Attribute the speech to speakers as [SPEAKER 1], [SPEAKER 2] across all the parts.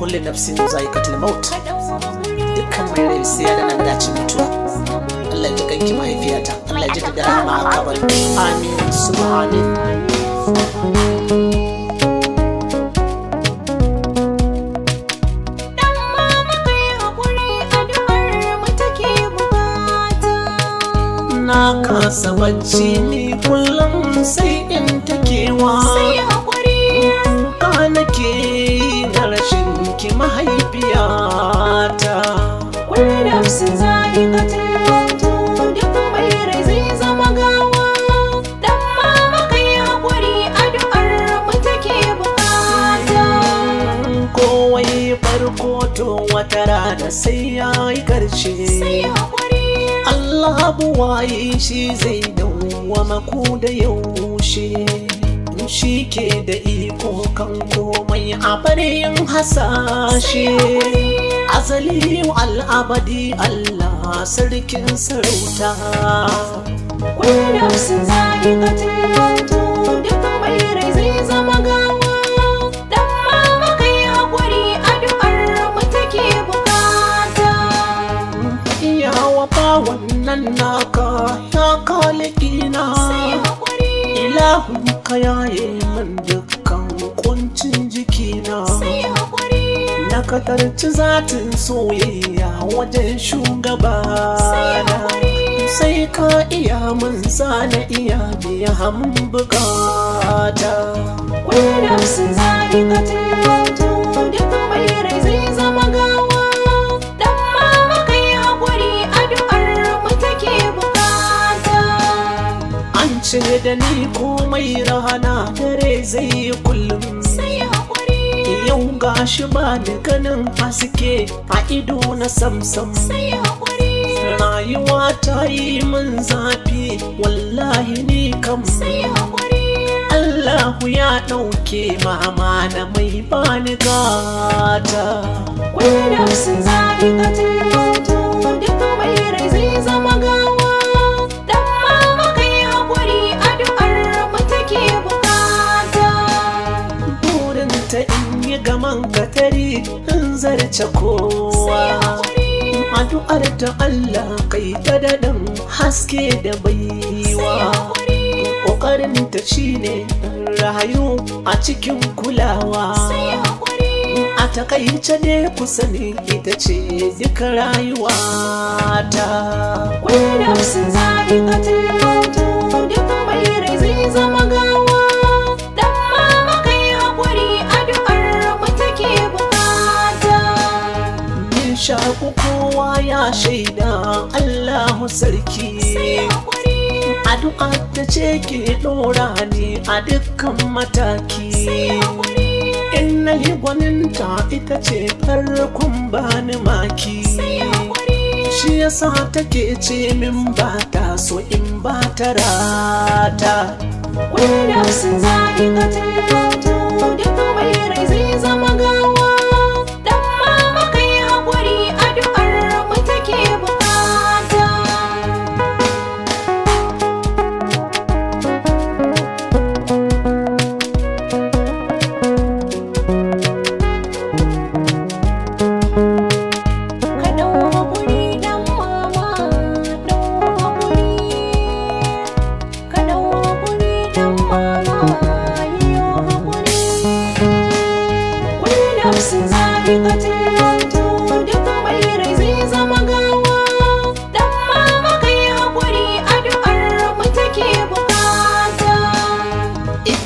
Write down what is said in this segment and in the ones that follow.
[SPEAKER 1] kulle nafsin za'iqatul maut dukkan mai rai sai ya dana cikin mutuwa Allah ji kanki mahaifiyata Allah ya ji da rahama a kabar amin subhanin na kasa bacci ni kullum sai da sai ya yi ƙarshe Allah waye shi zai dawwama mako da yaushe shi ke da iko kan komai a farin hasashe azali al'abadi Allah sarkin sarauta kun nafsin
[SPEAKER 2] zai
[SPEAKER 1] nan naka ya kalikina ilahun ka yaye man dukkan kuncin jikina na katarci zatin soyayya wajen shugabana sai ka iya mun sa na iya biya bukata. Wani da ni komai rahana dare zai yi kullum sai haƙuri yau gashi ba da ganin haske a ido na samsam sai haƙuri rayuwa ta yi min zafi wallahi ni kam sai haƙuri Allahu ya ɗauke mama na mai bani gata Kwai da sun zaɗi ka
[SPEAKER 2] duk mai rai zai zama gawa
[SPEAKER 1] ta kowa addu'ar ta Allah kai ta daɗin haske da baiwa ƙoƙarin ta shine rayu a cikin kulawa a takaice ne ku sani ita ce duka rayuwa
[SPEAKER 2] ta sun ku kowa
[SPEAKER 1] ya shaida Allahu sarki addu'a ta ce ke ɗora ne a dukkan mataki in na yi gwaninta ita ce farkon bani maki shi yasa take ce min ba ta so in ba ta rata
[SPEAKER 2] wanda sun za'i ka duk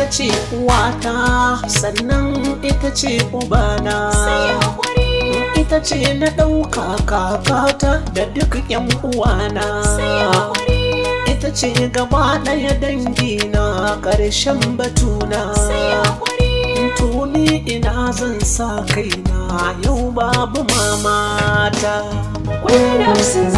[SPEAKER 1] ita ce uwata sannan ita ce ubana ita ce na ɗauka kakata da duk yan uwana ita ce gaba ɗaya dangina ƙarshen batuna tuni ina zan sa kaina yau babu mamata.
[SPEAKER 2] Wani da sun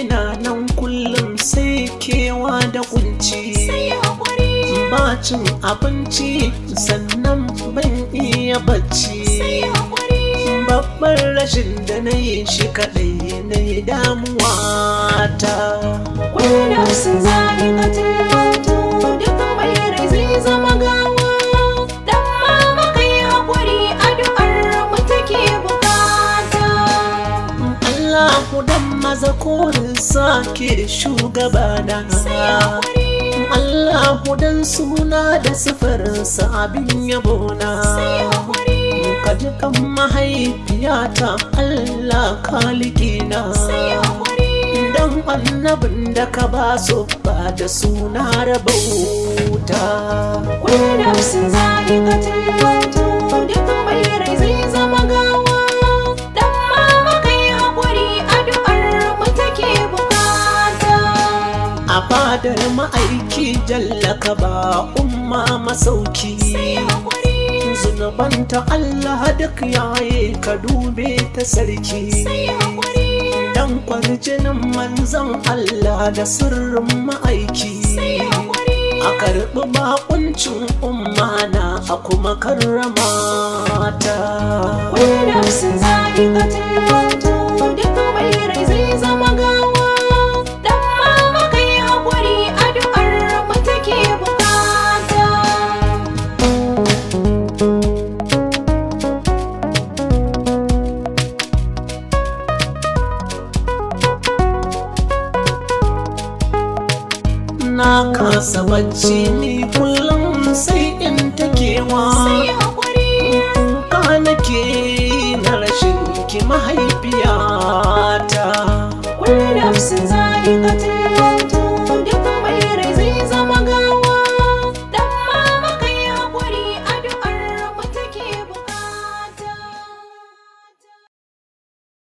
[SPEAKER 1] ina nan kullum sai kewa da kunci ba cin abinci sannan ban iya bacci babban rashin da na yi shi kaɗai na yi damuwa ta kwanar sun
[SPEAKER 2] zari na
[SPEAKER 1] maza korin sake shugabana Allahu dan suna da sifarinsa abin yabona Kaji kan mahaifiyata Allah kalikina Dan annabin da ka ba so
[SPEAKER 2] ba da suna rabauta Wani zai
[SPEAKER 1] ka ba umma masauki zunubanta Allah duk yaye ka dube ta sarki dan kwarjinin manzon Allah da sirrin ma'aiki a karɓi bakuncin umma na a
[SPEAKER 2] kuma karrama ta. kwanar sun za'i ka tallata duka zai zama
[SPEAKER 1] na kasa bacci ni kullum sai in ta kewa ka nake na rashin ki
[SPEAKER 2] mahaifiya